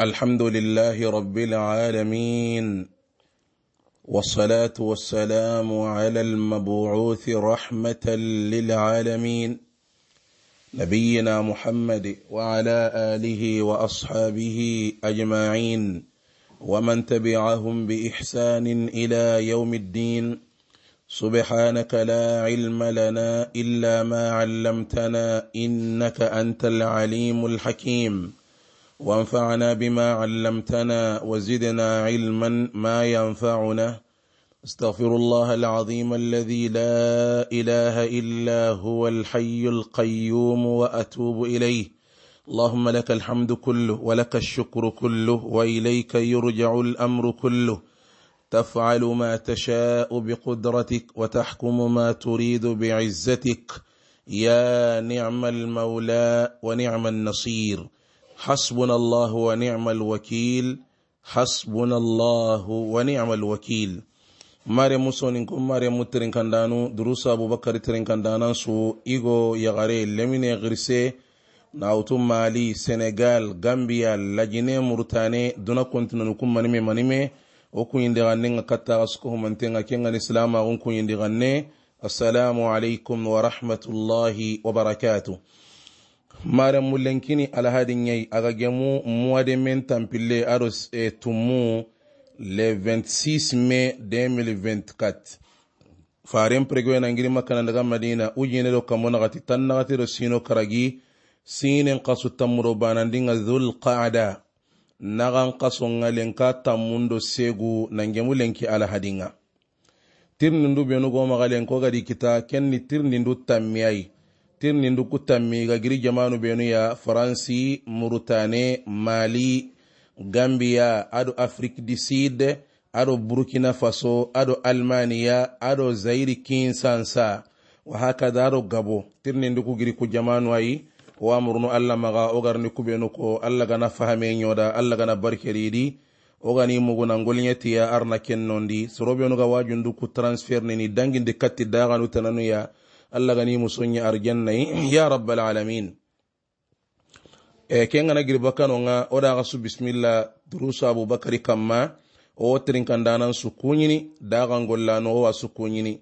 الحمد لله رب العالمين والصلاه والسلام على المبعوث رحمه للعالمين نبينا محمد وعلى اله واصحابه اجمعين ومن تبعهم باحسان الى يوم الدين سبحانك لا علم لنا الا ما علمتنا انك انت العليم الحكيم وانفعنا بما علمتنا وزدنا علما ما ينفعنا استغفر الله العظيم الذي لا اله الا هو الحي القيوم واتوب اليه اللهم لك الحمد كله ولك الشكر كله واليك يرجع الامر كله تفعل ما تشاء بقدرتك وتحكم ما تريد بعزتك يا نعم المولى ونعم النصير حسبنا الله ونعم الوكيل حسبنا الله ونعم الوكيل mare musonin kun mare mutirin kandanu durusa abubakar tirin kandanan su igo yagare lemine girse na utun mali senegal gambia lagine murtane duna kontinanu kun manime manime o kun yindi ganne nga kattaga suko humante nga ke ngani silama kun kun yindi ganne assalamu alaikum wa rahmatullahi wa barakatuh maremu lenkini alahadin yai aga gemu muwade men tampille aro e tumu le 26 mai 2024 faren pregwe na ngiri makana daga madina ujine do kamo nagati tan nagati do sino karagi sinen kasu tamuro banandinga dhul qaada nagan kaso ngalenka tamundo segu na ngemu lenki alahadinga tirnindu benugo maga lenko gadi kita kenni tirnindu tammiyai ni nduku tammi ga giri jamanu benu ya faransi murutane mali gambia aɗo afrique du sud aɗo burkina faso aɗo almania aɗo zairi kinsansa wa hakada aɗo gabo nduku giri ku jamanu ayi o amurno allah maga o garni kuɓenu ko allah gana fahame nyoda allah gana barke ɗiɗi o gani muguna golñetiya arna kennondi ga wajundu ku transfert nini dangindi katti daganu ya allah gani musun ya argen ya rabbal alamin e eh, ke ngana girba kano nga oda ga su bismillah durusu abubakari kama. o tirin kan danan su kunyini dagan gollano wa su kunyini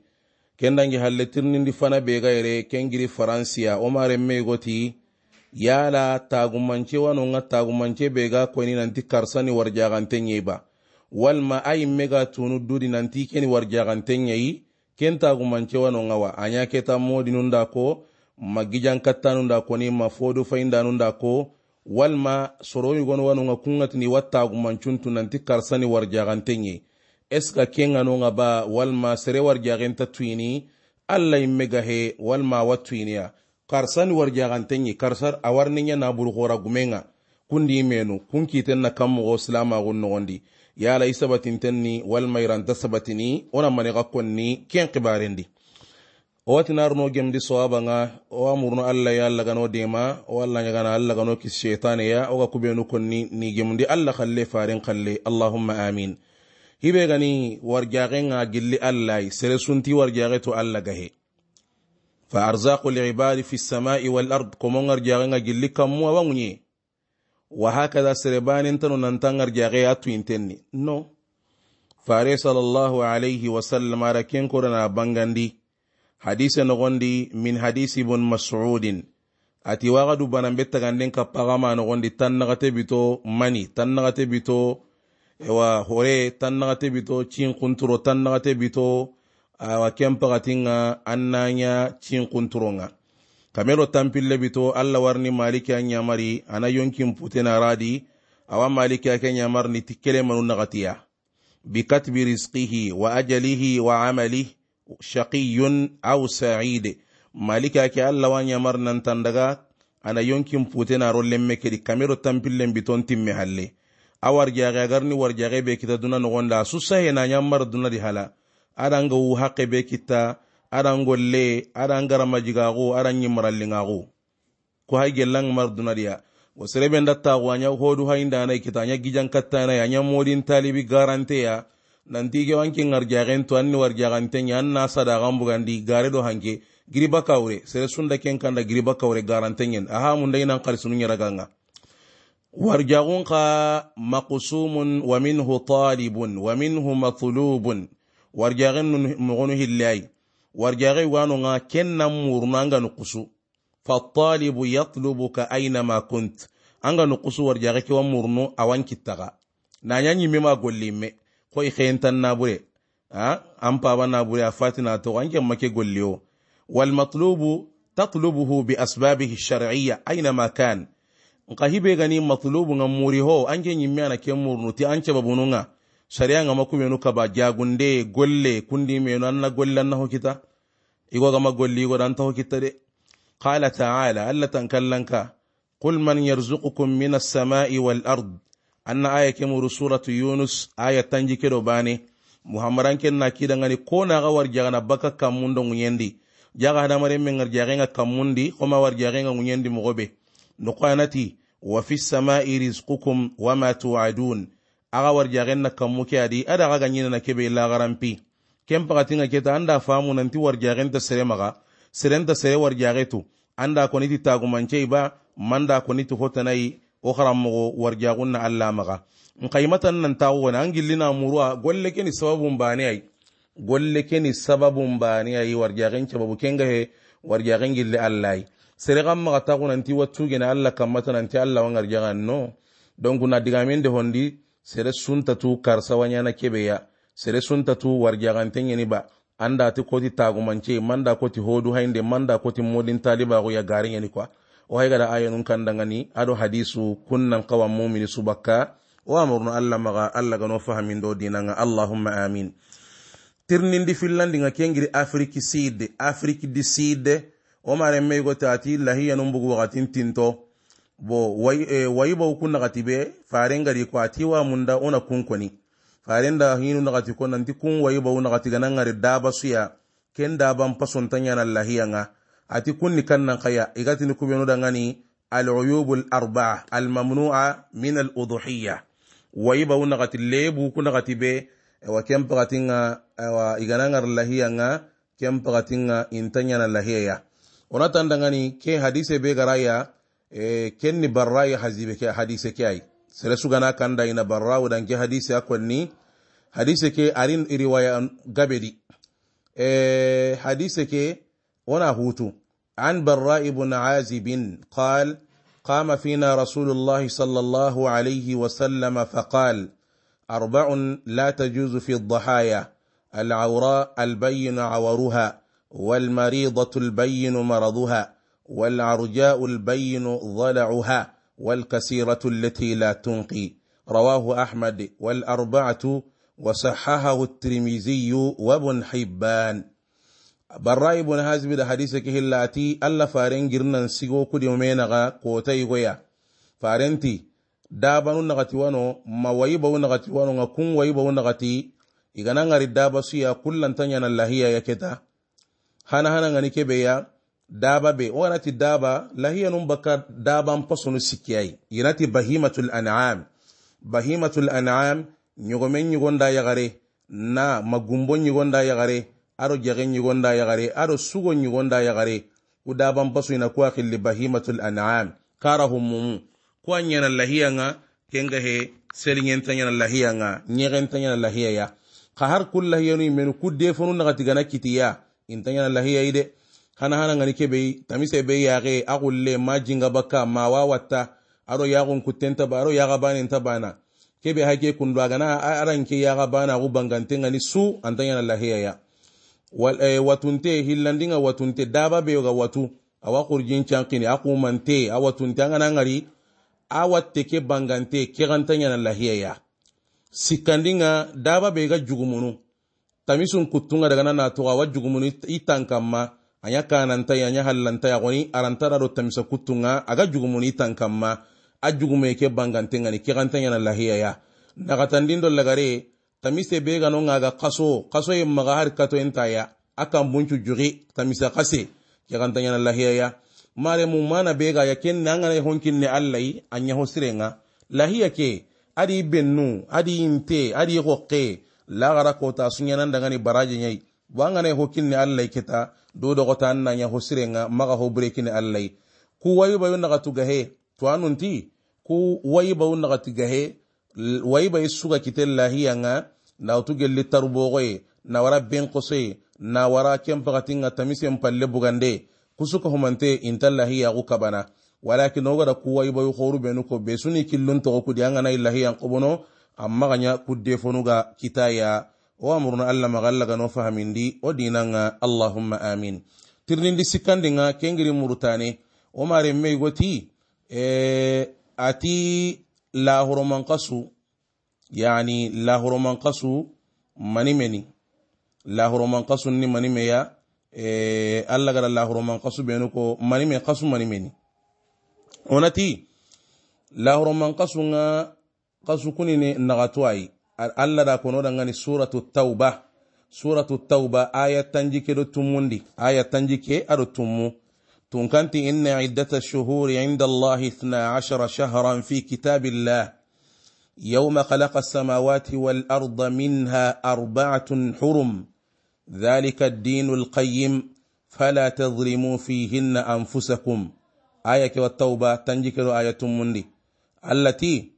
ken dangi halle tirnindi fana be ken giri faransiya o mare ya yala tagumance wano nga tagumance be ga ni nanti karsani tenye ba. walma ayin mega tunu dudi nanti keni tenye yi. kenta gumanche wano ngawa anya keta modi nunda ko magijan katta nunda ko ni mafodo fainda nunda ko walma soroyi gono wano nga kungat ni watta gumanchuntu nanti karsani warjagantenye eska kenga no nga ba walma sere warjaganta twini alla imega he walma ya karsani warjagantenye karsar awarninya na gora gumenga kundi imenu kunkiten na kammogo silama gun nogondi ya lay sabatintenni walmayranta sabatini onammane gakkonni ken kibarendi owatinarno gemdi o wa murno allah ya gano dema o allah gana yagana allagano kis shetaneya oga kubenu konni ni gemdi allah kalle farin kalle allahumma amin hibe gani nga gilli allah sere sunti warjage to allah gahe fa arzaku ibadi fi ard, walard komongar jagenga gilli kammu awanguye وهكذا سربان انتن ننتنغر جاغي اتو انتني نو no. فاري صلى الله عليه وسلم ركين كورنا بانغاندي حديث نغندي من حديث ابن مسعود ati wagadu banan be taganden kappaxama noxondi tan naxate bito mani tan naxate bito ewa hore tan naxate bito cinkunturo tan naxate bito awa ken paxatin ga an naɲa cinkunturon ga kamelo tampille bito allah warni maliki a ana yonkin putena radi awa maliki a ke ɲamar ni ti kele manu nagatiya bikatbi risqihi wa ajalihi wa amalih shaqiyun aw sa'id maliki a ke allah wa ɲamar nantan daga ana yonkin putena ro lemme kedi kamelo tampillen biton timme halle a warjaxe agarni warjaxe be kita duna nogonda a susahe na ɲamar duna di hala adanga wu haqe be kita aran golle aran garama jigaxu aran ñimmarallingaxu ko hay gellang mardunariya wo sereben dattaxu aña hodu hayindanai kita aña gijan kattanai aña modin talibi ge wanki wanke ngarjaxen to anni te an na sadaxan gandi gare do hanke giri kawre sere sunda ken kanda giriba kawre garanteñen aha mundainan ganga ñeraganga warjaxun ka maqsumun wa minhu talibun wa minhu matlubun warjaxen nu moxonu hillai ورجاغي وانو غا كنا مورنا انغا نقصو فالطالب يطلبك اينما كنت انغا نقصو ورجاغي كي ومورنو اوان كتغا نانياني ميما قول لي مي خوي خينتان نابوري ها ام بابا نابوري افاتنا تو انجا مكي قول ليو والمطلوب تطلبه باسبابه الشرعيه اينما كان نقهي بيغاني مطلوب نموري هو انجا نيميانا كي مورنو تي انجا بابونو sariya ngama kumenu kaba jagunde golle kundi menu anna golle anna hokita igo gama golli igo danta hokita de qala ta'ala alla tankallanka qul man yarzuqukum min as-sama'i wal ard anna aya kemuru suratu yunus aya tanji kedo bane muhammadan ken na kida ngani ko na ga war jagana baka kamundo ngunyendi jaga hada mare men ngar jagenga kamundi koma war jagenga ngunyendi mugobe nuqanati wa fis sama'i rizqukum wama tu'adun aga jagen na kammu ke adi ada aga ganyina na kebe Kem ken nga keta anda famu nanti jagen ta sere maga serenta sere war tu anda koniti tagumancei ba manda koniti okaram mogo war jagun na alla maga nkaimatan nan wana an gillina murua golle keni sababun bane ay golle keni sababun bane ay kenga he war jagen gille alla ay sere xan maga taxu nanti wattugene alla kammata nanti wangar jagan no donc na digamen de hondi sere tu karsa kebe ya sere suntatu warjagantenyeni ba an da ti koti tagumance manda koti hodu hainde manda koti modin taliba ya garinyeni kwa o nun ayanun dangani- ado hadisu kunnan kawan mumini subakka o amurno allah maga allah gano fahamin do dinanga allahumma amin di finlandi nga kengiri afiriki side afiriki di side o maren meygo taati nun bugu wakatin tinto bo wai wayibaw kun nagati be faren gari ko atiwa munda ona kun koni faren da hinu nagati ko nanti kun wayibaw nagati ganan ngari daba suya ken daban pason tanya na lahiya nga ati kun ni kannan kaya igati ni kubenu da ngani al-uyubul arba al-mamnu'a min al-udhuhiyya wayibaw nagati lebu kun nagati be wa kem pagatinga wa iganan ngari lahiya nga kem pagatinga intanya na lahiya ya ona tandangani ke hadise be garaya كني براي حديثك حديثك أي سلسو غنا كان داينا برا ودنك حديثي أكوني حديثك أرين إرواية غبدي حديثك ونا هوتو عن براء بن عازب قال قام فينا رسول الله صلى الله عليه وسلم فقال أربع لا تجوز في الضحايا العوراء البين عورها والمريضة البين مرضها والعرجاء البين ضلعها والكسيرة التي لا تنقي رواه أحمد والأربعة وصححه الترمذي وابن حبان barra'i bun hazbi da hadisa ke hillati alla faren girnan sigo kudi menaga kotai goya farenti dabanu nagati wano mawayi bawu nagati wano nga kun wayi bawu nagati igana ngari daba suya kullan tanya na lahiya ya keta hana hana ngani kebe ya daba be o yanati daba lahiya nun baka daban posonu sikkiyayi yinati bahimatul an'am bahimatul an'am ñogome ñigonda yagare na magumbo ñigonda yagare aro jage ñigonda yagare aro sugo ñigonda yagare ku daban fasu ina kuwa xilli bahimatul an'am kara hummumu kuwa ñana lahiya nga kenga he seliñenta ñana lahiya nga ñexenta ñana lahiya ya xa har kun lahiyanu imenu ku defonu naxatigana kitiya inta ñana lahiya yi de hana hana ngani kebe tamise be yare agulle ma jinga baka ma wawata aro yagun kutenta ba aro yaga banin ta bana kebe hake kun daga na aran ke yaga bana go bangante ngani su antanya na lahiya ya wal eh, watunte hillandinga watunte daba be ga watu awa kurjin chankini aku mante awatunte ngana ngari awatte ke bangante ke gantanya na lahiya ya sikandinga daba be ga jugumunu tamisun kutunga daga na to wa jugumunu itankamma a ya kananta ya ya hallanta ya goni arantara do tamisa kutunga aga jugumuni tan kamma a jugume ke bangante ngani ke yana lahiya ya daga tandin do lagare tamise be ga non ga kaso kaso ye maga har kato enta ya aka buncu juri tamisa kase ke yana lahiya ya mare mu mana be ga ya ken nan ngane honkin ne allai anya hosirenga lahiya ke adi bennu adi inte adi hokke lagara ko ta nan daga ni baraje nyai wangane hokin ne allai kita do an gota ho nya hosirenga maga ho brekine allai ku wayi bayu naga tugahe to anunti ku wayi bayu naga tugahe wayi bayu suga kitel lahiyanga na utugelli tarbogoye na wara ben kosoye na wara ken pagatinga tamisen palle bugande kusuka humante intallahiya ku kabana walakin ogada ku kuwa bayu horu benu ko besuni killun togo kudi angana illahiyan qobono amma ganya kudde fonuga kitaya wa murna allah ma galla gano fahamin di o dina nga allahumma amin tirni di sikandi nga kengiri murutani o mare mai goti e ati lahur manqasu yani lahur manqasu mani meni lahur ni mani meya e allah gala lahur manqasu benu ko mani me qasu mani meni onati lahur manqasu nga qasu kunini allah da konoɗa gani suratu tauba suratu tauba aya tanjike ɗo tummundi aya tanjike aɗo tummu tun kanti inna iddata shuhuri inda allahi ithna ashara shahran fi kitabillah يوم خلق السماوات والارض منها اربعه حرم ذلك الدين القيم فلا تظلموا فيهن انفسكم ايه والتوبه تنجكر ايه مندي التي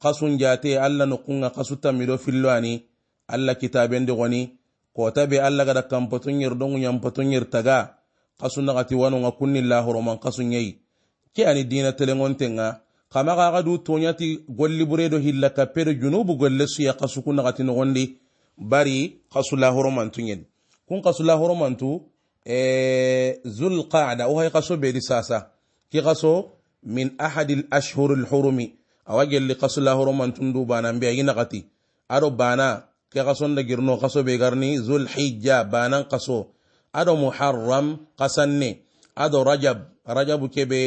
kasun jate allah nukunga kasuta mido fillo ani allah de goni kota be allah gada kampotun yer dongu yampotun yer taga kasun nagati wanunga kunni roman kasun yei ke ani dina telengontenga kama ga ga du tonyati golli buredo hilla kapedo junubu golle suya gati nagati gondi bari kasu lahoromantu tunyen kun kasu lahoromantu eh, zulqada o hay kaso di sasa ki kaso min ahadil ashhurul hurumi. awa gelli la horo man tundu bana mbiya yi kati ado bana ke kaso da girno kaso be garni zul hijja bana kaso ado muharram kasanne ado rajab rajabu kebe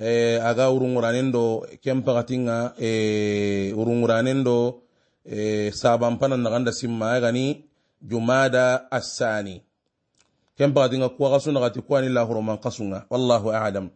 eh, aga urunguranen do nga eh, urunguranen do eh, na naganda simma gani jumada kati nga kuwa kasu nagati kuwani horo man nga wallahu a'adam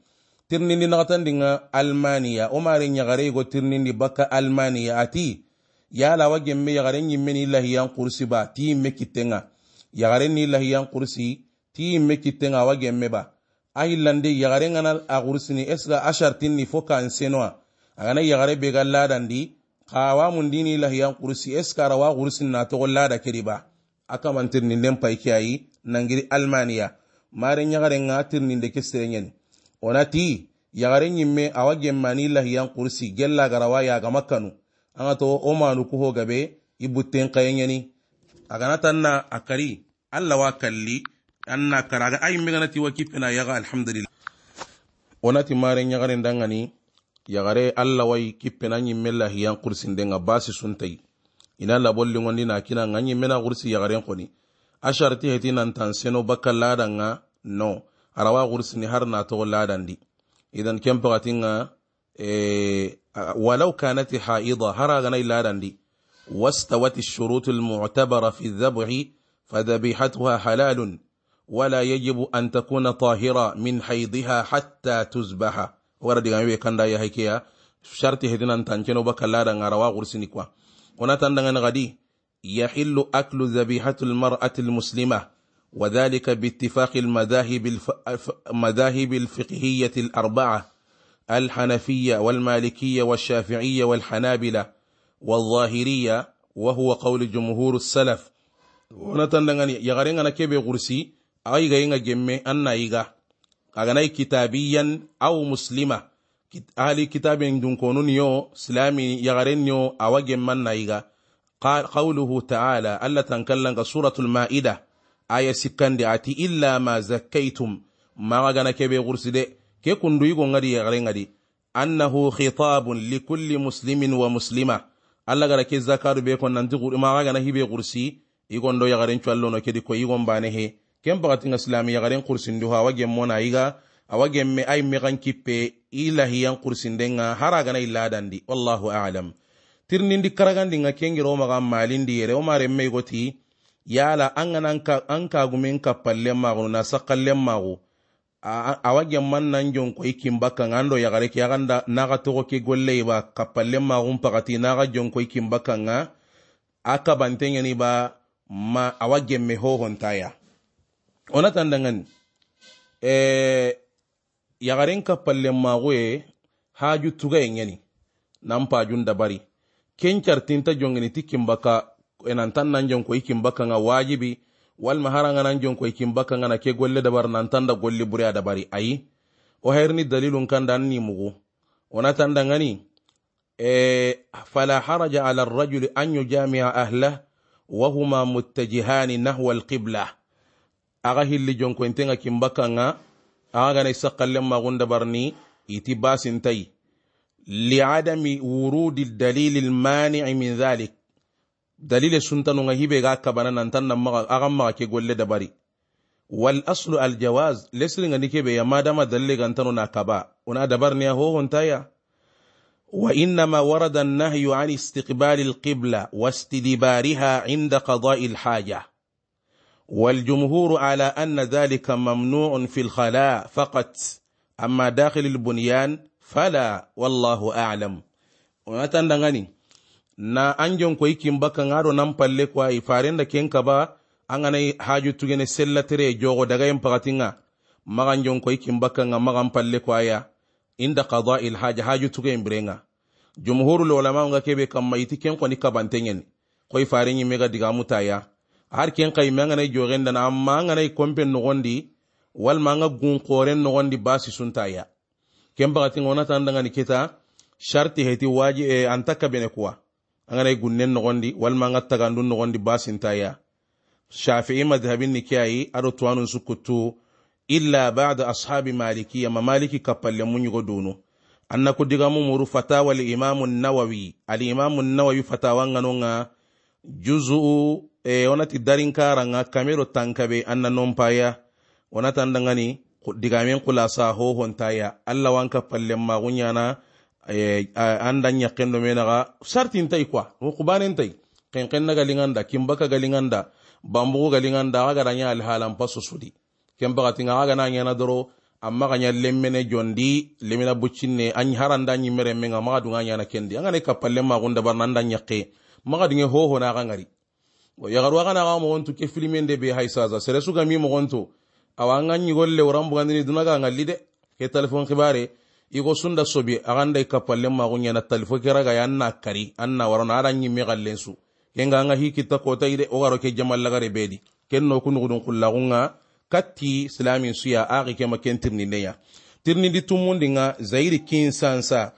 tirnindi naxatandinga almaniya wo mari ɲagare yigo tirnindi baka almaniya ati yala wa gemme yagare ɲimme ni lahiyan kursi ba ti yimme kittenga yagare ni lahiyan kursi ti yimme kittenga wa gemme ba a lande yagare nga a kursini ni esga ashar a foka fo agana yagare be ga ladandi xa wa mundini lahiyan kursi est rawa que wa na togo lada kedi ba a kamantirninden payke yi nangiri almaniya mare nyagare nga tirnindi ke sereɲeni onati yagare a awa manila lahiyan kursi gella garawa yagama kanu anga to o manu kuho gabe i butten kayeñeni agana na a kari allah wa kalli na kara aga ayi ganati wa kippena yaga alhamdulillah onati mare ñagaren dangani yagare allah wayi kippena ñimme lahiyan kursindenga basi suntayi ina wani na kina kinanga ñimmena kursi yagaren koni a sharti heti nantan seno bakka ladanga no arawa gursini har na to ladandi idan ken pagatinga ولو كانت حائضة هراغنا إلا دندي واستوت الشروط المعتبرة في الذبح فذبيحتها حلال ولا يجب أن تكون طاهرة من حيضها حتى تذبح ورد غامي كندا يا هيكيا شرط هدنا تنجنو بك لا دنا روا غرسنكوا ونا تندغن غدي يحل أكل ذبيحة المرأة المسلمة وذلك باتفاق المذاهب الف... المذاهب الفقهية الأربعة الحنفية والمالكية والشافعية والحنابلة والظاهرية وهو قول جمهور السلف ونتنغني يغرينغنا كيبي أن أغني كتابيا أو مسلمة أهل كتاب دون كونون يو سلامي يغرين يو أو جمان إيغا قال قوله تعالى ألا تنكلنغ سورة المائدة aya sikkandi ati illa ma zakkaytum maga gana gursi de ke kunduyi yare yegarengadi annahu khitabun likulli muslimin wa muslima allah gara ke zakaru be kon nanti maga gana hibe gursi igon do yagaren no kedi ko igon bane he ken ya silami yagaren ndu ho awa mona yiga awa me ay migan kippe i lahiyan kursindenga hara gana dandi wallahu alam tirnindi karagandinga kengiro maga malindi yere o me igoti yala an ka an kagumin ka pallen mago na sakallen mago wajen man nan jon ko ikin bakan an do yagare ki aganda naga togo ki golle ba ka pallen magun pagati na ga jon ko ikin bakan a ni ba ma awa gemme taya. ona tandangani e, yagaren ka pallen mago e haju tuga yen ni nan bari dabari ken ta jon ni tikin ka enan tan nan jon koy baka nga wajibi walma haranga nan jon koy baka nga na ke golle dabar nan tan da golle buri ada dabari ayi o herni dalilun kan da ni mugu ona tan da ngani e fala haraja ala ar-rajul an yujami'a ahla wa huma muttajihani nahwa al-qibla aga hilli jon koy tenga kimba nga aga ganay ma magun dabarni iti basintai li'adami wurudi ad-dalil al-mani'i min dhalik dalile suntanunga hibe ga kabana nantan na maga agan maga ke golle dabari wal aslu al jawaz leslinga nikebe ya madama dalile gantano na kaba una dabar ne ho hontaya wa innama warada an-nahyu an istiqbal al-qibla wastidbariha inda qada'i al-haja والجمهور على أن ذلك ممنوع في الخلاء فقط أما داخل البنيان فلا والله أعلم ونتندغني na anjon ko ikim baka ngaro nam palle ko ay farenda ken kaba anganai haju tugene sellatere jogo daga en pagatinga magan jon ko ikim baka nga magan palle ko aya inda qada'il haja haju tuge imbrenga jumhurul ulama nga kebe kam mayti ken ko ni kabantenyen koy farenyi mega diga mutaya har ken kay mangana jogen dana amma kompen no gondi wal manga gun koren no gondi basi suntaya ken bagati onata ndanga ni kita sharti heti waji e antaka bene kuwa an gana gunnen nogondi walma an ga tagandun nogondi basintaya shafi'i madhabin ni kiyayi ado tuwanun su kutu illa ba'da ashabi maliki ya maliki kapalle mun yugo dunu anna ko diga mu muru fatawa li imam an-nawawi al imam an-nawawi fatawa nga juzu e onati darin karanga kamero tankabe anna nompaya onata ndangani digamen kula sa hohon hontaya Allah wanka palle magunyana Eh, andan yakken do menaga sartin tai kwa no kubanen tai kenken na galinganda kimbaka galinganda bambugo galinganda aga ranya alhalan paso sudi kemba tinga aga na nyana doro amma kanya lemmene jondi lemina buccine an haranda nyi mere menga maga dunga nyana kendi anga ne kapalle ma gunda barnanda ma ga dinge ho ho na gangari wa yagaru ga na ga mo ontu ke de be za sere ga mi mo ontu awanga nyi golle warambu gandini dunaga de ke telefon khibare igo sunda sobi aganda ikapallen magu ɲana talifo keraga ga na kari an na warano ada ɲimme gallen su kenga anga ko kota ide o garo ke jamallagare bedi ken no ku nugudun kullagunga kati silamin suya axi kema tirni di tumundi nga zairi kinsansa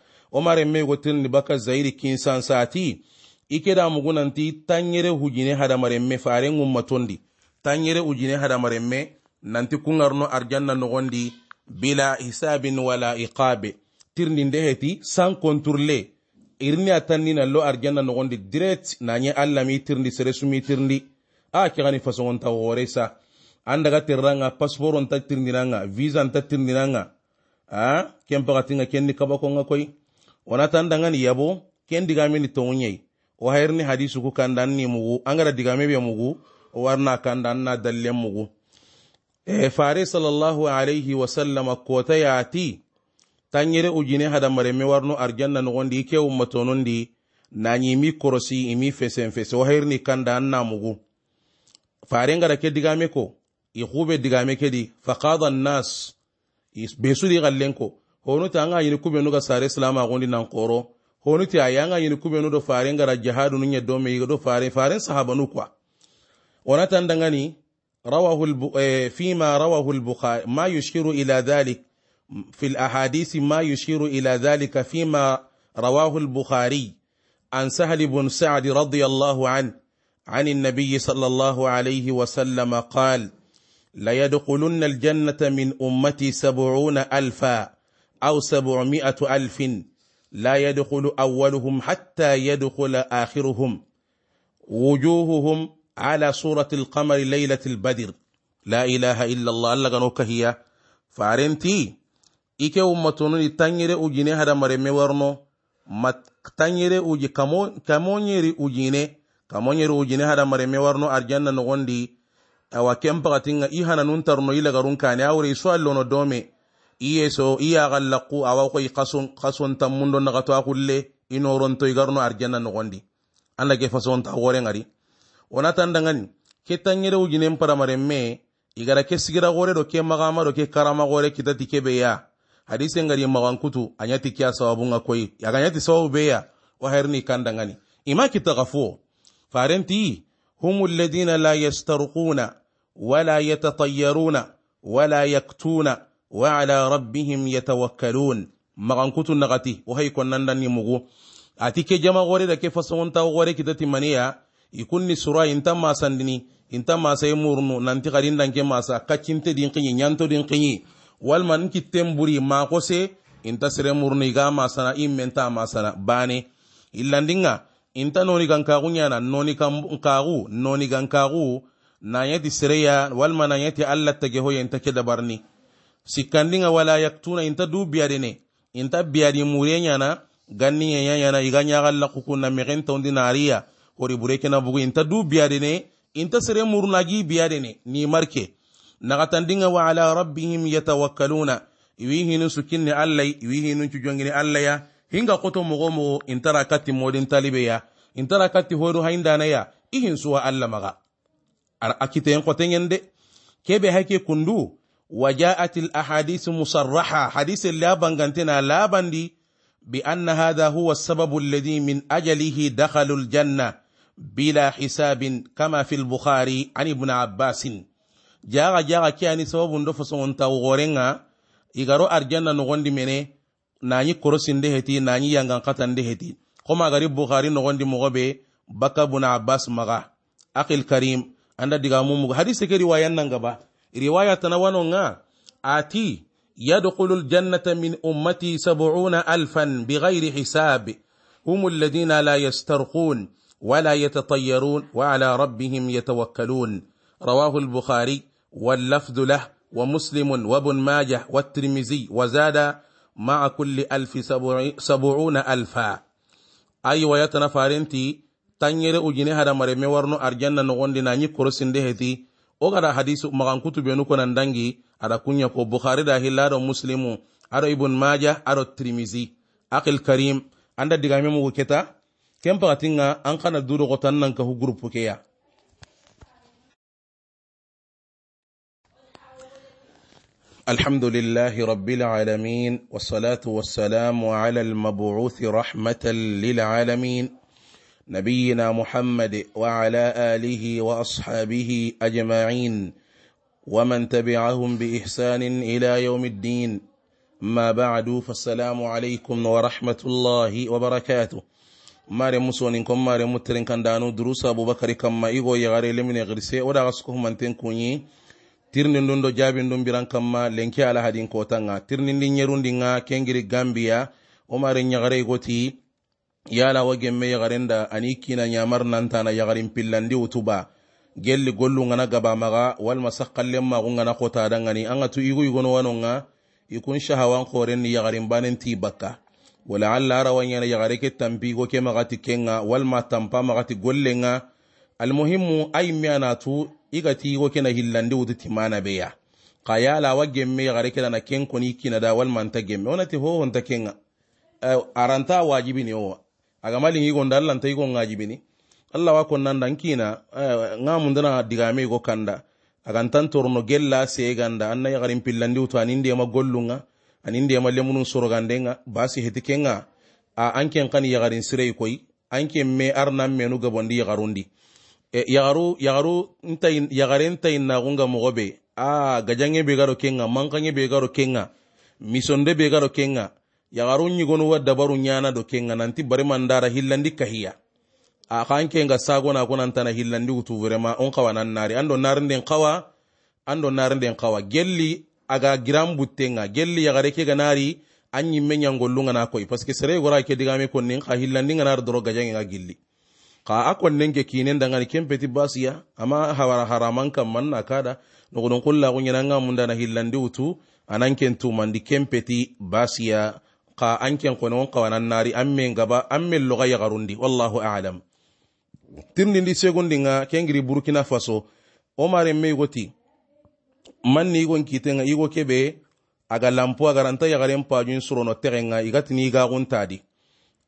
me ko tirni baka zairi kinsansa ati ikeda mugunanti tanyere hujine me faren ummatondi tanyere mare me nanti kungarno arjanna nogondi bila hisabin wala iqabe tirni nde heti sans contrôler irini a na lo arjanna gondi direct nye alla mi tirindi sere sumi tirindi a ah, kegani fasogonta wore sa an daga on ta tirni tirindinanga visa tirni tirindinanga a ah, ken pagatinga kenni nga koy wonata an ni yabo ken digamini ni wo hayirni hadisuku kanda an ni mugu an diga digame bi mugu o warna kandanna dalle na mugu e eh, fare sallallahu alaihi wa sallam kota yati tanyere ujine hada mareme warno arjanna no wondi ke ummato nondi na nyi mi korosi imi fesen fese o herni kanda anna mugu fare ngara ke digame ko i khube digame ke di faqada an-nas besuri gallen ko honu ta anga yini kube no ga sare salama gondi nan koro honu ti ayanga yini kube no do fare ngara jihadu nunya do me do fare fare sahaba nu kwa onata ndangani رواه الب... آه، فيما رواه البخاري ما يشير إلى ذلك في الأحاديث ما يشير إلى ذلك فيما رواه البخاري عن سهل بن سعد رضي الله عنه عن النبي صلى الله عليه وسلم قال ليدخلن الجنة من أمتي سبعون ألفا أو سبعمائة ألف لا يدخل أولهم حتى يدخل آخرهم وجوههم على suratul القمر ليلة البدر لا إله إلا الله الله غنوك هي فارنتي ike ummatonu ni tanyere ujine hada mareme warno mat tanyere uji kamo ujine kamonyeri ujine hada mareme warno arjanna no gondi awa kempaxatinga i hananun tarno i lagarun kane a wore i so a lono dome i ye so i yaxan laqu awa a xulle i noronto i garno arjanna noxondi an lage fasonta xorengari onatan dangani ketangere ujinen paramare me igara ke sigira gore do ke magama do ke karama gore kita ke beya hadise ngari magan anyati kya sababu nga koi yaganyati sawu beya wa herni kandangani ima kitagafu farenti هم الذين لا يسترقون ولا يتطيرون ولا يقتون وعلى ربهم يتوكلون magankutu nagati wo hay konnandani mugu atike ke jama gore da ke fasawonta gore kidati maniya ikunni sura inta masandini inta masai murnu nanti karin danke masa kacinte din kinyi nyanto din kinyi walma nki temburi mako se inta sere murnu iga masana masa na bane illandinga inta noni kagu nyana noni kankagu noni gankagu nanyati sereya walma nanyati allah tagehoya inta ke barni sikandinga wala yaktuna inta du ne inta biyadi mure nyana ganniye nyana iga nyagalla kukunna mexentaundi nariya ori kena bugu inta du biyadene inta sere murnagi biyadene ni marke nagatandinga wa ala rabbihim yatawakkaluna iwi hinin su allai allah iwi cujongini ya hinga koto mogo mogo intara kati modin talibe ya intara kati horu haindana ya ihin suwa alla maga ar akiteyen kotengen de kebe hake kundu وجاءت الأحاديث مصرحة حديث لا بنغنتنا bi بندي بأن هذا هو السبب الذي من أجله دخلوا الجنة بلا حساب كما في البخاري عن ابن عباس جاغا جاغا كياني سبب ندفس ونتاو غورنغا igaro arjanna nogondi mene nañi korosinde heti nañi yangan katande heti koma gari bukhari nogondi mogobe baka buna abbas maga akil karim anda diga mumugo hadise ke riwayan nangaba riwaya tanawano nga ati يدخل الجنة من أمتي سبعون ألفا بغير حساب هم الذين لا يسترقون ولا يتطيرون وعلى ربهم يتوكلون رواه البخاري واللفظ له ومسلم وابن ماجه والترمذي وزاد مع كل ألف سبعون ألفا أي ويتنا فارنتي تنير أجني هذا مرمي ورنو أرجنا نغن لناني كرسين دهتي ogara hadisu magan kutubenu konan dangi aɗa kunya ko bukhari da hilla aɗo muslimu aɗo ibn maja aɗo trimisi akil karim anda digame mugu keta كم pagatinga an kana durogo tan nan kahu groupe الحمد لله رب العالمين والصلاة والسلام على المبعوث رحمة للعالمين نبينا محمد وعلى آله وأصحابه أجمعين ومن تبعهم بإحسان إلى يوم الدين ما بعد فالسلام عليكم ورحمة الله وبركاته mare musoni kon mare mutirin kan danu durusa abubakari ma igo gare lemine girse oda gasuko humanten kunyi tirnin dun jabi jabin dun biran ma lenke ala hadin tanga tirnin din yerundi nga kengiri gambia o mare omare yagare igoti yala wa gemme da ani kina nyamar ya yagarin pillandi utuba gelli gollu ngana gaba maga walma sakkallen magu ngana dangani anga tu igu igono wano ikun shahawan koren ni yagarin banen ti bakka ولعل أروان يغارك التنبيغ كما غاتي كينا والما تنبا مغاتي قولنا المهم أي مياناتو إغتي وكنا هلاندي ودتمانا بيا قايا وجمي يغارك لنا كين كوني كنا دا والما انتجمي ونتي هو انت كينا أه، أرانتا واجبيني هو أغمالي يغون دالان تيغون واجبيني allah wa kon nandan kina nga mundana digame go kanda agan tan torno gella seganda anna yagarin pillandi uto aninde anin da yamalle munun sorogandenga basi heti kenga a anken kan yagarin sirei koi anken me arnan menu gabondi yagarundi e, yagaru yagaru ntai yagaren tai na gunga mogobe a gajange be garo kenga mankange be garo kenga misonde be garo kenga yagaru nyigonu wa dabaru nyana do kenga nanti bare mandara hillandi kahiya a kanke nga sagona kunantana hillandi utu vraiment on kawa nan nari ando den kawa ando den kawa gelli aga giran buttenga gelli yagare ke ganari an yimme ñangollunga na koy parce que sere gora ke diga me digame konnen xa hillandinga nar doro gajangenga gilli xa akon konnen ke kinen dangani kem peti basiya ama hawara haraman kam man na kada no kulla nogonon qullaxu ñenanga mundana hillandi wutu anan ken tu tumandi kem peti basiya xa anken ken koneon xawanan nari amme men gaba an men ya garundi wallahu alam tirndindi segundinga kengiri burkina faso omar maren goti man ni igon kitenga igo kebe aga lampo agaranta yagaren pajun surono tegenga igatini igagun tadi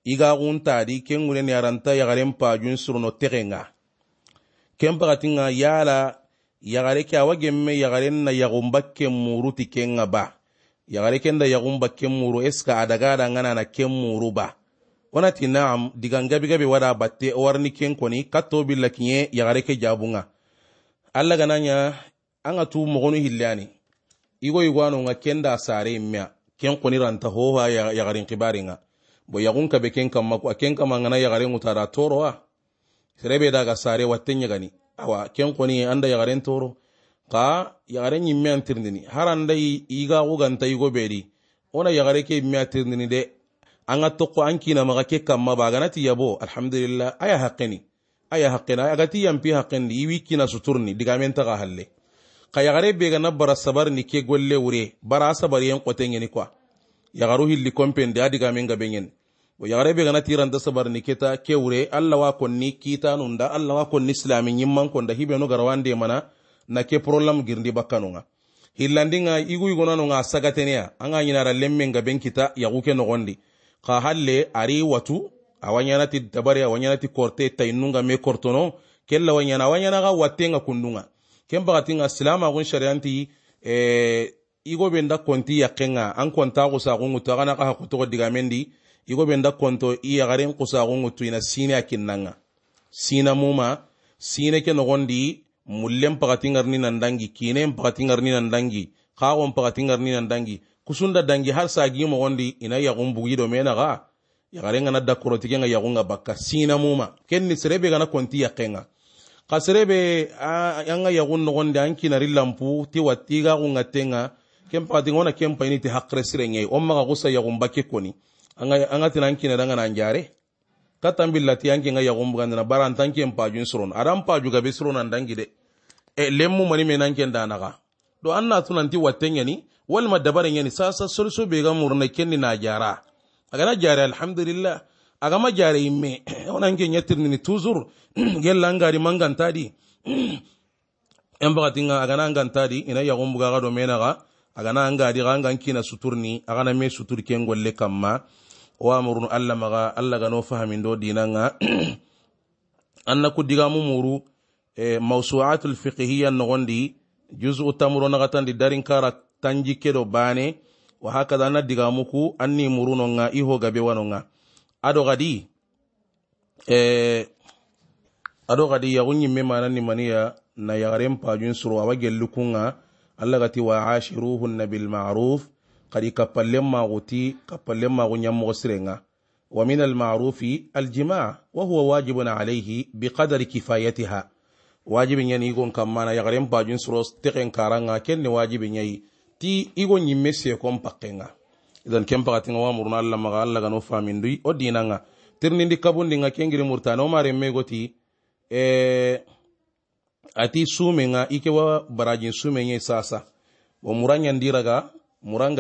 igagun tadi kenguneni aranta yagaren pajun surono tegenga ken pagatinga yala yagare ke awa gemme yagaren na ya yagumba ken muru ti kenga ba ya yagare ken da yagumba ken muru eska adagada ngana na na ken muru ba wonati naam digangabigabe wada batte o warni ken koni katto billa kiye yagare ke jabunga allah gananya anga tu mogonu hillani igo a nga kenda sare mya ken koni ranta hoha yagarin kibaringa bo yagun kabe ken kamma a ken kamma ngana yagarin utara toroa serebe daga sare watten yagani awa ken koni anda garin toro ka yagarin yimme antirndini haranda iga uganta igo beri ona yagare ke yimme antirndini de anga tokko kina maga ke kamma baganati yabo alhamdulillah aya haqqini aya haqqina agati yampi haqqindi iwi kina suturni ta ga halle ka yagare be gana bara sabar ni ke golle wure bara sabar yen qoten yen kwa yagaru hilli kompen da diga men ga benyen o yagare be na tiran da sabar ni keta ke wure Allah wa ni kita nun da Allah wa konni islamin man kon da hibe no garwande mana na ke problem girndi bakkanunga hillandinga igu igonanunga sagateniya anga ra lemmen ga ben kita no gondi ka halle ari watu awanyanati dabari awanyanati korte tayinunga me kortono kella wanyana ga watenga kundunga ken bagatinga silamagun sharianti eh, igo be nda konti yakenga an konta kusagunŋutu agana ka hakutogo digamendi igo be nda konto i yagaren kusagunŋutu ina sine akinnanga sina muma sine ke nogondi mullen pagatingarni nandangi kinen pagatingarni nandangi kagon pagatingarni nandangi kusunda dangi har sagi mogondi ina yagun bugi do menaga yagaren gana dakorotikenga yagunga bakka sina muma ken ni serebe gana konti yakenga kasrebe anga yagun de an kinari lampu ti watti ga gunga tenga kem pati ngona kem pa ini ti hakre sirenge omma ga kusa yagun bake koni anga anga tin an kinara ngana anjare katam billati anke nga yagun buganda na baran tan kem pa jun suron aram pa juga be suron andangi de e lemmu mani me nan ken danaga do anna tunan ti wattenya ni wal madabaren yani sasa sulsu be ga murna kenni na jara agana jare alhamdulillah agama jare imme wonanke ñettirnini toujours gella angari mangantadi en bagatinga agana tadi ina ya gumbuga ga do menaga agana angadi ga ngan kina suturni agana me sutur ken golle kamma amrun alla maga alla ga no fahamin do dinanga anna mu muru e mawsuatul fiqhiya nogondi juzu tamuro tandi darin kara tanji kedo bane wa hakada anna digamuku anni muruno nga iho gabe wanonga ado eh ado ya gunyin me manan ni maniya na yaren pajun suru awa gelukunga Allah gati wa ashiruhunna bil ma'ruf ma guti maguti ma gunya mo sirenga wa min al ma'rufi al jima' wa huwa wajibun alayhi bi qadri kifayatiha wajibin yani igon kammana yagaren pajun suru teken karanga kenni wajibin yayi ti igon nyimme se kon idan ken pakati nga na alla maga alla gano famindu o tirni ndi kabundi nga kengiri murtana o maremme goti e, ati sume nga ike wa barajin sume nye sasa wa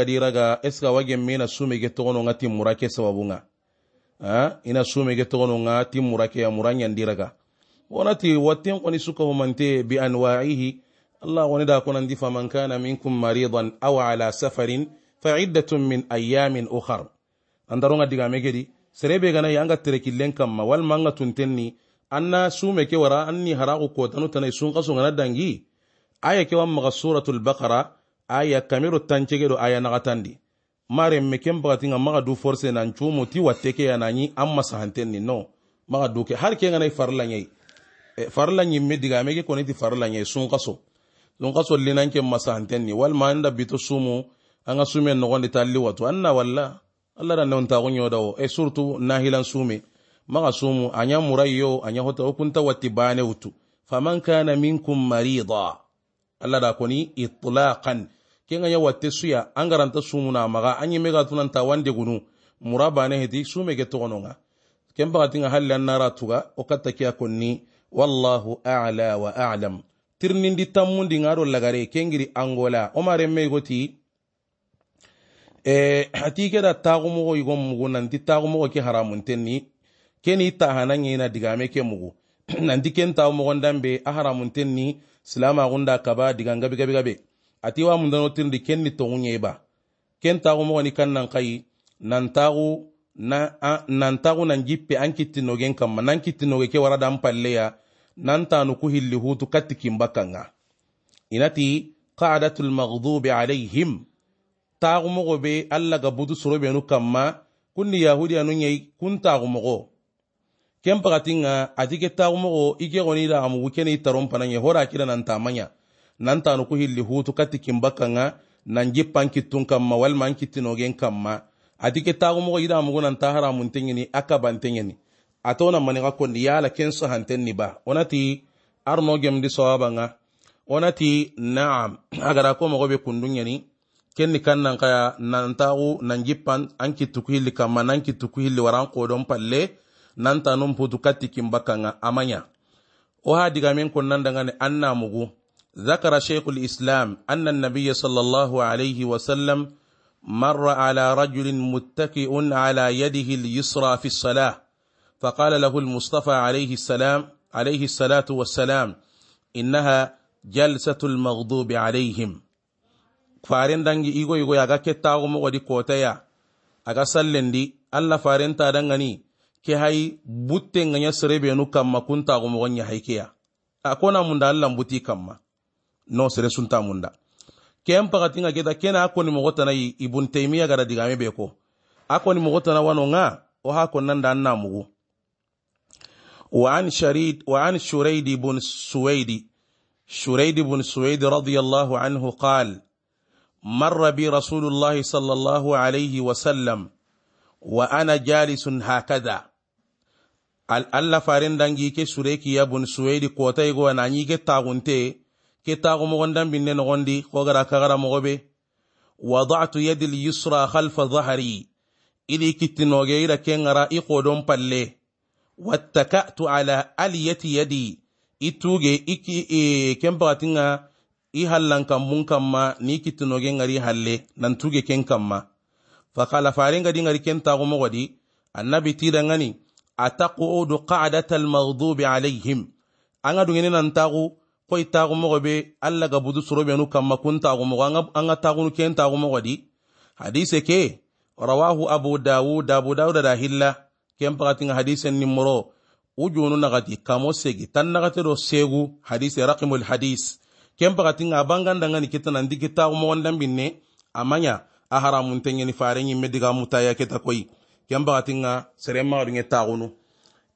dira ga eska na sume ge togono nga ti murake sababu nga ha? ina sume ge togono nga ti murake ya wana ti watin koni suka humante bi anwa'ihi allah wani da konandi man kana minkum maridan aw ala safarin فعدة من أيام أخر أندرون أدقى مجدي سريبي غنا يانغا تركي لنكما والمانغا تنتني أنا سومي كي ورا أني هراغو كوتانو تاني سونغا سونغا دانجي آية كي ومغا سورة البقرة آية كاميرو تانشيكيدو آية نغتاندي maren me ken bagatinga maga du force nan cumu ti watte ke yanani an masahanten ni no maga du ke har ke ngana farla nyai e, farla nyi me diga me ke koni ti farla nyai sun kaso sun kaso linan ke masahanten ni wal ma anda bito sumu an ga sume nogondi talli watu an na walla alla da newon taxu ɲodawo e eh, surtout nahilan sume maxa sumu a ɲa murai a ɲa hota wo kunta bane wutu faman kana minkum marida alla da koni itlaqan ke ga ɲa suya an garanta sumu na anyi an tunan ta tunanta wandegunu mura bane hedi sume ke toxono ga ba baxati ga an nara tuga o katta kiya a konni wallahu ala wa alam tirnindi tammundi ŋa do lagare kengiri angola o maren mei goti Eh, ati keda tagumogo igo mugu nanti tagumogo ke ni haramuntenni keni tahananyena digame ke mugu nanti ken tagumogondanbe a haramuntenni silamagunda kaba diganga bigabigabe ati wamundanotindi kenni togunyeba ken nan kai kayi nantagu na, nantagu nan jippe an gen kam nan kittinoge ke warada nan ta nantanu ku hilli hutu katti kimba kanga inati qa'datul maghdubi alaihim tagumogo be alla ga butu sorobenu kanma kunni yahudiyanu ɲei kun tagumogo ken pagatin ga ati ke tagumogo i ke goni lagamugu keni taron pana ɲe hora kira nan tama ɲa nan tanu ku hilli hutu kati kinba kan ga nan jippan kittun kanma walima an kittinogen kanma ati ke tagumogo i lagamugu nan ta haramunte ɲini a ka kabante ɲini ato na maniga kondi yala ken sahanten ni ba onati arno gemdi sawaba ga onati naam agara ko mogo be kundun ɲeni kenni kan nan kaya nan taxu nan jippan an kittuku hilli kanma nan kittuku hilli waran kodon palle nan tanun putu katti kimba kanga amanya o ha digamen kon anna dangane an na mugu ذكر شيخ الإسلام أن النبي صلى الله عليه وسلم مر على رجل متكئ على يده اليسرى في الصلاة فقال له المصطفى عليه salatu wa الصلاة والسلام إنها جلسة المغضوب عليهم Farin dangi igo igo aga kettago mogodi kotaya aga sallendi allah ta dangani ke hay butte nganya serebenu kamma kuntago mogonya haykeya akona munda allah mbuti kamma no sere sunta munda ken pagatinga keta kena akoni mogotana ibun taymiya gara digame be ko akoni na wano nga o ha konnanda an namugu وعن شريد وعن شريد بن سويد شريد بن سويد رضي الله عنه قال مر بي رسول الله صلى الله عليه وسلم وأنا جالس هكذا alla farin dangi ke sure ya bun suwedi kota igo na nyi ke tagunte ke tagu mo gonda binne no gondi ko gara kagara mo gobe wada'tu yadi al-yusra khalfa dhahri idi kitino ge ira ke ngara i kodon palle wattaka'tu ala aliyati yadi ituge iki e kembatinga i hallan kan ma ni kittinoge ngari halle nan tuge ken ma fakala fare ngadi ngari ken tagumogodi annabi tidangani ataqudu qadatal maghdubi alayhim anga dungeni nantagu koy tagumogo be allah ga budu sorobenu ma kun tagumogo anga tagunu ken tagumogodi hadise ke rawahu abu dawud abu dawud da hilla ken pagatinga hadise nimoro ujunu nagati kamo segi tan nagati do segu hadise raqimul hadis ken pakatin kita bangandangani ketanandi ketaxumoxon lambinne a maɲa a haramunte ni faren ɲimme diga mutaya keta koyi ken serema wadu nge taxunu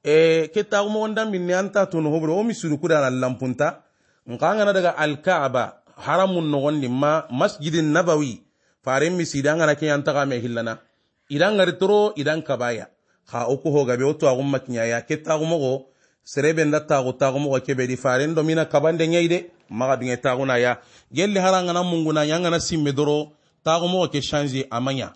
e ketaxumoxon lambinne an ta tono hobro wo misirukurana lampunta nka ngana daga alkaaba haramun ni ma masjidin nabawi faren misidi an gana ke yan taxame hillana idan gari toro idan kabaya xa wo ko hogabe sereben da tagu tagu mo kebe di faren do mina kaban kabande nyai de maga dinge tagu na ya gelli haranga na mungu na nyanga na simme doro tagu mo ke change amanya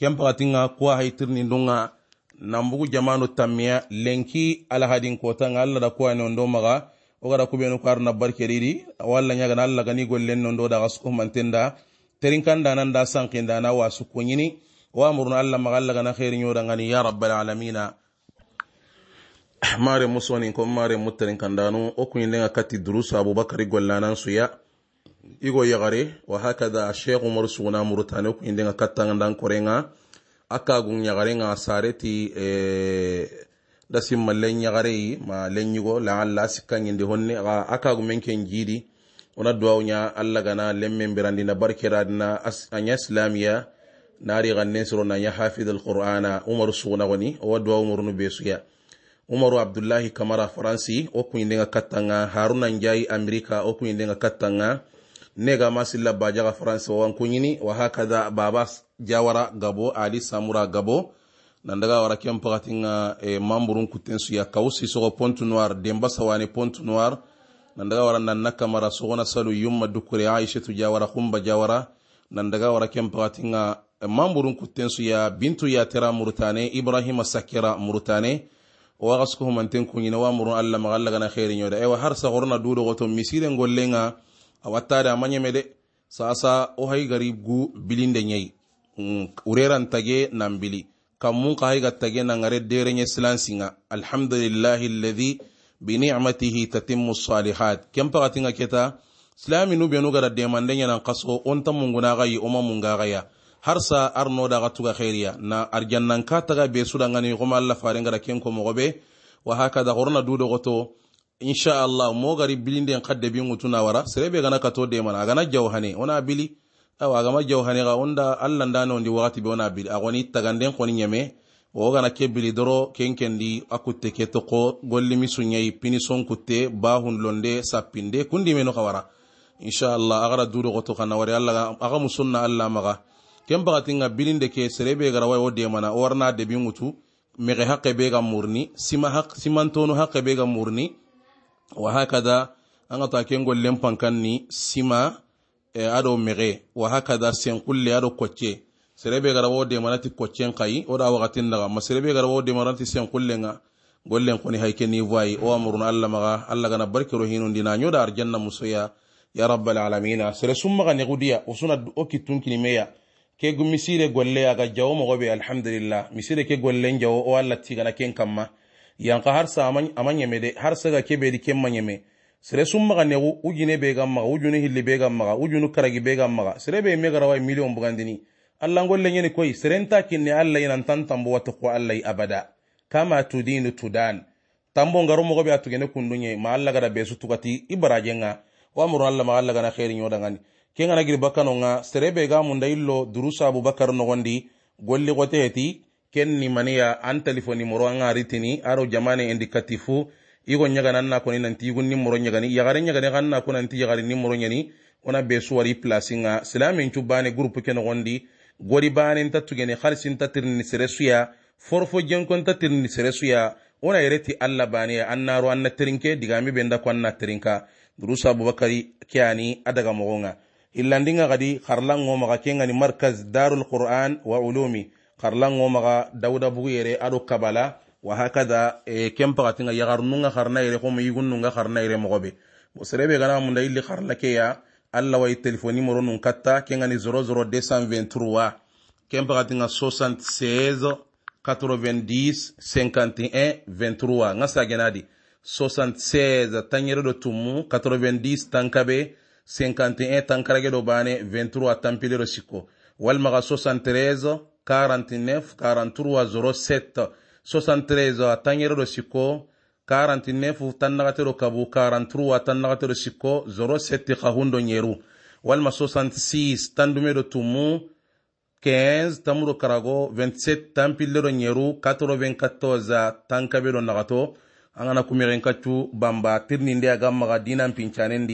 kempa katinga kwa haitirni ndunga nambugu jamanu tamiya lenki alhadin kota nga alla da kwa ne ondo maga ogara kubenu na barke didi walla nyaga na alla gani gollen ondo da gasku mantenda terinkan da nan da sankin da na wasu kunyini wa murna alla maga alla gana khairin yoda ngani ya rabbal alamina mare musoni ko mare mutarin kandanu o kun ne kati durusu abubakar gollanan su ya igo yagare wa hakada sheikh umar suna murtani kun ne katta ndan nga aka gun yagare nga sareti e dasi mallen yi ma lenyigo la alla sikkan inde honne aka gun menken jidi una duwawu nya allah gana lemmen birandi na barkira na anya islamiya nari gannen suro na ya hafidul qur'ana umar suna wani o duwawu murnu ya umaru abdullahi kamara faransi o kun yinden ka kattanga haruna njayi amerika o kun yinden ka kattanga nega masilla bajaga faransi wawanko ɲini wa hakada baba jawara gabo ali samura gabo nandaga wara ken pagatinga e, eh, mamburun kutten suya kaw sisogo pont noir demba sawani pont noir nandaga wara nanna kamara sogona salu yumma dukure aishatu jawara kumba jawara nandaga wara ken pagatinga eh, mamburun kutten suya bintu ya tera murutane ibrahima sakira murutane waxa suko humanten kuñina wamurun allah maxa allah gana xeeriñoda ewa har saxorona duɗoxoto misiden gollenga a wattade a mañeme de sasa o hay gari gu bilinde ñayi ureran tage nan bili kammun ka hay ga tage nangare dereñe silansinga alhamdulillahi alladi binicmatihi tatimu salihat ken paxatinga keta silami nu benu gara demande ñanan kaso on ta mungunaxayi oma mungaxaya harsa arno daga tuga khairiya na arjannan ka taga be sudangani kuma allah faren gara ken ko gobe wa haka da horna dudo goto insha allah mogari bilinden kadde bin ngutuna wara be gana to de mana gana jawhane ona bili awa gama jawhane ga onda allah ndano ndi wati be ona bili agoni taganden koni nyame wo gana ke bili doro di akutte ke golli mi sunyai pini son kutte bahun londe sapinde kundi meno kawara insha allah agara dudo goto kana wari allah aga musunna allah maga ken bagatin ga bilin de ke sere be gara wayo de mana warna de bi mutu mege hakke be ga murni sima hak siman tonu hakke be ga murni wa hakada an ta ken gollen pankan ni sima e ado ge wa hakada sen kulli ado kocce sere be gara wayo de mana ti en kai o da wagatin daga ma sere be gara o de mana ti sen kulle nga gollen koni hayke ni voyi o amurun alla maga allah gana barki hinundi na da arjanna musoya ya rabbal alamin sere summaga negudiya o suna meya kittunkinimeya ke misire golle aga jawo mogo be alhamdulillah misire ke gollen jawo o allah tigana ken kamma yanka har sa ama ɲeme de har saga ke bedi ken ma ɲeme sere sun maga negu u jine be gan maga u junu hilli be gan maga u junu karagi be gan maga sere be megarawa miliyon bugandini allah ngolle ɲeni koyi seren ta kinne allah inan tan tambo wata ko allah abada kama tudinu tudan tambo ngaro mogo be atugene kundunye ma allah ga da besu tugati ibarajenga wa muru allah ma allah gana khairin yodangani ke na giri bakano nga serebe ga munda illo durusa abubakar nogondi golli goteti ken ni maniya an telefoni moro an aritini aro jamane indikatifu igo nyaga nan na koni nanti igo ni moro nyaga ni yagare nyaga ni kan na ko nanti yagare ni moro nyani ona be suwari place nga silamin cubane gurupu ke nogondi gori bane ntatugene khalsin tatirni seresuya forfo jenkon tatirni seresuya wona yereti allah baniya an naro an na terinke digami ɓe ko an na terinka durusa aboubacary ke ani a daga mogo ga illandinga gadi harlango maga kengani markaz darul qur'an wa ulumi harlango maga dawda bugu yere ado kabala wa hakada e kempagatinga yagarnunga harna yere komo yigunnunga harna yere mogobe bo serebe gana munda illi harla keya alla wayi telefone numéro nun katta kengani 00223 kempagatinga 76 90 51 23 nga sagenadi 76 tanyere do tumu 90 tankabe 51 tankarage do bane 23 tampilero sikko walma ka 73 49 43 07 73 a tangere ɗo sikko 49 tannagate kabu 43 tannagate sikko 07 ka nyeru. walma 66 tandume do tumu 15 tamuɗo karago 27 tampille ɗo 94 tankabe do nagato angana kumeren bamba tirni nde ga maga dinan pincanen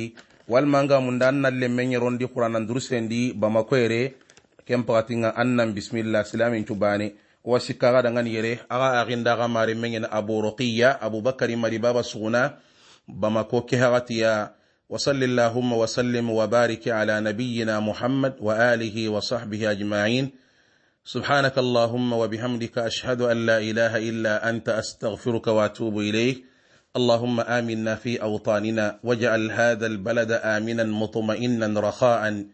walmanga nga munda an nalle men yerondi qur'anan durusendi bamakoyere ken pagatinga an annam bismillah silamin cubane wa sikara aga dangani yere aga aginda ga mari men yena abu roqiya abubakari mari baba suguna bamako ke hagatiya وصل اللهم وسلم وبارك على wa محمد وآله وصحبه أجمعين سبحانك اللهم وبحمدك أشهد أن لا إله إلا أنت أستغفرك وأتوب إليك اللهم آمنا في أوطاننا واجعل هذا البلد آمنا مطمئنا رخاء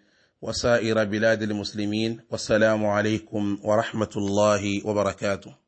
وسائر بلاد المسلمين والسلام عليكم ورحمة الله وبركاته